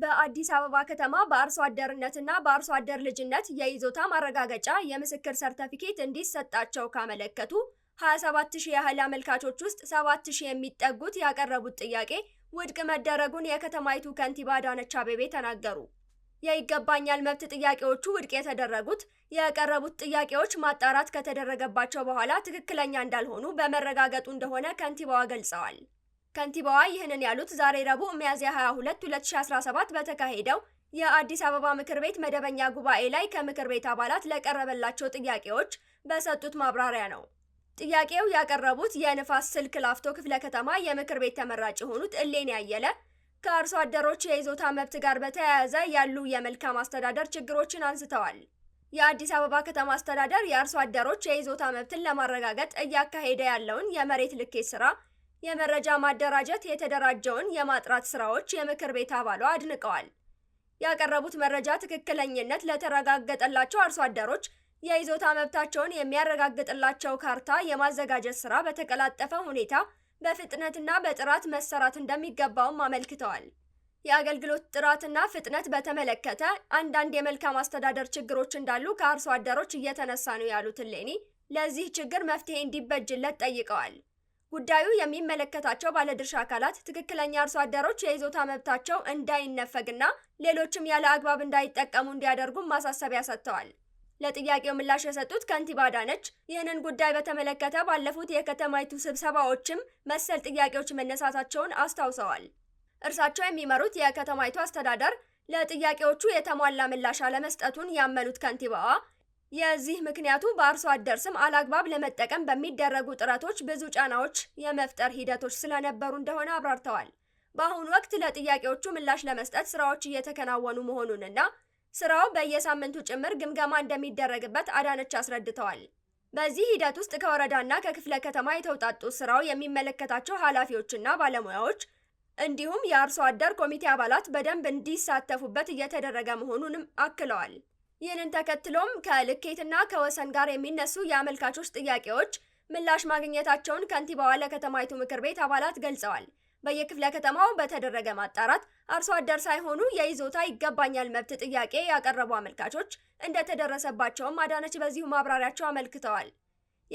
በአዲስ አበባ ከተማ በአርሶ አደርነትና በአርሶ አደር ልጅነት የይዞታ ማረጋገጫ የምስክር ሰርተፊኬት እንዲሰጣቸው ካመለከቱ 27000 ያህል አመልካቾች ውስጥ 7000 የሚጠጉት ያቀረቡት ጥያቄ ውድቅ መደረጉን የከተማይቱ ከንቲባ አዳነች አቤቤ ተናገሩ። የይገባኛል መብት ጥያቄዎቹ ውድቅ የተደረጉት የቀረቡት ጥያቄዎች ማጣራት ከተደረገባቸው በኋላ ትክክለኛ እንዳልሆኑ በመረጋገጡ እንደሆነ ከንቲባዋ ገልጸዋል። ከንቲባዋ ይህንን ያሉት ዛሬ ረቡዕ ሚያዝያ 22 2017 በተካሄደው የአዲስ አበባ ምክር ቤት መደበኛ ጉባኤ ላይ ከምክር ቤት አባላት ለቀረበላቸው ጥያቄዎች በሰጡት ማብራሪያ ነው። ጥያቄው ያቀረቡት የንፋስ ስልክ ላፍቶ ክፍለ ከተማ የምክር ቤት ተመራጭ የሆኑት እሌን ያየለ ከአርሶ አደሮች የይዞታ መብት ጋር በተያያዘ ያሉ የመልካም አስተዳደር ችግሮችን አንስተዋል። የአዲስ አበባ ከተማ አስተዳደር የአርሶ አደሮች የይዞታ መብትን ለማረጋገጥ እያካሄደ ያለውን የመሬት ልኬት ስራ የመረጃ ማደራጀት የተደራጀውን የማጥራት ስራዎች የምክር ቤት አባሏ አድንቀዋል። ያቀረቡት መረጃ ትክክለኝነት ለተረጋገጠላቸው አርሶ አደሮች የይዞታ መብታቸውን የሚያረጋግጥላቸው ካርታ የማዘጋጀት ስራ በተቀላጠፈ ሁኔታ በፍጥነትና በጥራት መሰራት እንደሚገባውም አመልክተዋል። የአገልግሎት ጥራትና ፍጥነት በተመለከተ አንዳንድ የመልካም አስተዳደር ችግሮች እንዳሉ ከአርሶ አደሮች እየተነሳ ነው ያሉት ሌኒ ለዚህ ችግር መፍትሄ እንዲበጅለት ጠይቀዋል። ጉዳዩ የሚመለከታቸው ባለድርሻ አካላት ትክክለኛ አርሶ አደሮች የይዞታ መብታቸው እንዳይነፈግና ሌሎችም ያለ አግባብ እንዳይጠቀሙ እንዲያደርጉም ማሳሰቢያ ሰጥተዋል። ለጥያቄው ምላሽ የሰጡት ከንቲባ አዳነች ይህንን ጉዳይ በተመለከተ ባለፉት የከተማይቱ ስብሰባዎችም መሰል ጥያቄዎች መነሳታቸውን አስታውሰዋል። እርሳቸው የሚመሩት የከተማይቱ አስተዳደር ለጥያቄዎቹ የተሟላ ምላሽ አለመስጠቱን ያመኑት ከንቲባዋ የዚህ ምክንያቱ በአርሶ አደር ስም አላግባብ ለመጠቀም በሚደረጉ ጥረቶች ብዙ ጫናዎች የመፍጠር ሂደቶች ስለነበሩ እንደሆነ አብራርተዋል። በአሁኑ ወቅት ለጥያቄዎቹ ምላሽ ለመስጠት ስራዎች እየተከናወኑ መሆኑንና ስራው በየሳምንቱ ጭምር ግምገማ እንደሚደረግበት አዳነች አስረድተዋል። በዚህ ሂደት ውስጥ ከወረዳና ከክፍለ ከተማ የተውጣጡ ስራው የሚመለከታቸው ኃላፊዎችና ባለሙያዎች እንዲሁም የአርሶ አደር ኮሚቴ አባላት በደንብ እንዲሳተፉበት እየተደረገ መሆኑንም አክለዋል። ይህንን ተከትሎም ከልኬትና ከወሰን ጋር የሚነሱ የአመልካቾች ጥያቄዎች ምላሽ ማግኘታቸውን ከንቲባዋ ለከተማይቱ ምክር ቤት አባላት ገልጸዋል። በየክፍለ ከተማው በተደረገ ማጣራት አርሶ አደር ሳይሆኑ የይዞታ ይገባኛል መብት ጥያቄ ያቀረቡ አመልካቾች እንደተደረሰባቸውም አዳነች በዚሁ ማብራሪያቸው አመልክተዋል።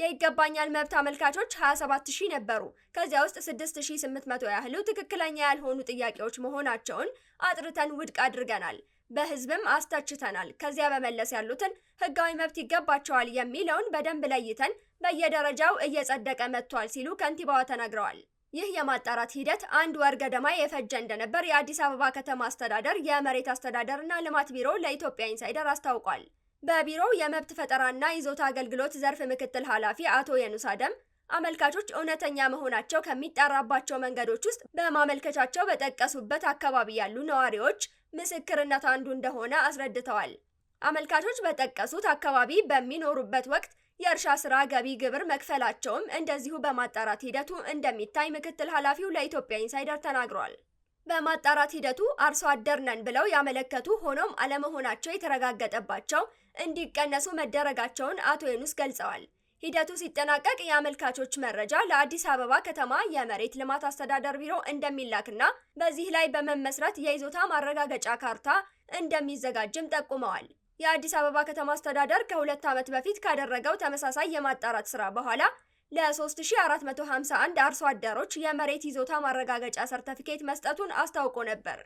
የይገባኛል መብት አመልካቾች 27 ሺህ ነበሩ። ከዚያ ውስጥ 6800 ያህሉ ትክክለኛ ያልሆኑ ጥያቄዎች መሆናቸውን አጥርተን ውድቅ አድርገናል። በህዝብም አስተችተናል። ከዚያ በመለስ ያሉትን ህጋዊ መብት ይገባቸዋል የሚለውን በደንብ ለይተን በየደረጃው እየጸደቀ መጥቷል ሲሉ ከንቲባዋ ተናግረዋል። ይህ የማጣራት ሂደት አንድ ወር ገደማ የፈጀ እንደነበር የአዲስ አበባ ከተማ አስተዳደር የመሬት አስተዳደርና ልማት ቢሮ ለኢትዮጵያ ኢንሳይደር አስታውቋል። በቢሮው የመብት ፈጠራና ይዞታ አገልግሎት ዘርፍ ምክትል ኃላፊ አቶ የኑስ አደም አመልካቾች እውነተኛ መሆናቸው ከሚጣራባቸው መንገዶች ውስጥ በማመልከቻቸው በጠቀሱበት አካባቢ ያሉ ነዋሪዎች ምስክርነት አንዱ እንደሆነ አስረድተዋል። አመልካቾች በጠቀሱት አካባቢ በሚኖሩበት ወቅት የእርሻ ስራ ገቢ ግብር መክፈላቸውም እንደዚሁ በማጣራት ሂደቱ እንደሚታይ ምክትል ኃላፊው ለኢትዮጵያ ኢንሳይደር ተናግሯል። በማጣራት ሂደቱ አርሶ አደር ነን ብለው ያመለከቱ ሆኖም አለመሆናቸው የተረጋገጠባቸው እንዲቀነሱ መደረጋቸውን አቶ የኑስ ገልጸዋል። ሂደቱ ሲጠናቀቅ የአመልካቾች መረጃ ለአዲስ አበባ ከተማ የመሬት ልማት አስተዳደር ቢሮ እንደሚላክና በዚህ ላይ በመመስረት የይዞታ ማረጋገጫ ካርታ እንደሚዘጋጅም ጠቁመዋል። የአዲስ አበባ ከተማ አስተዳደር ከሁለት ዓመት በፊት ካደረገው ተመሳሳይ የማጣራት ስራ በኋላ ለ3451 አርሶ አደሮች የመሬት ይዞታ ማረጋገጫ ሰርተፊኬት መስጠቱን አስታውቆ ነበር።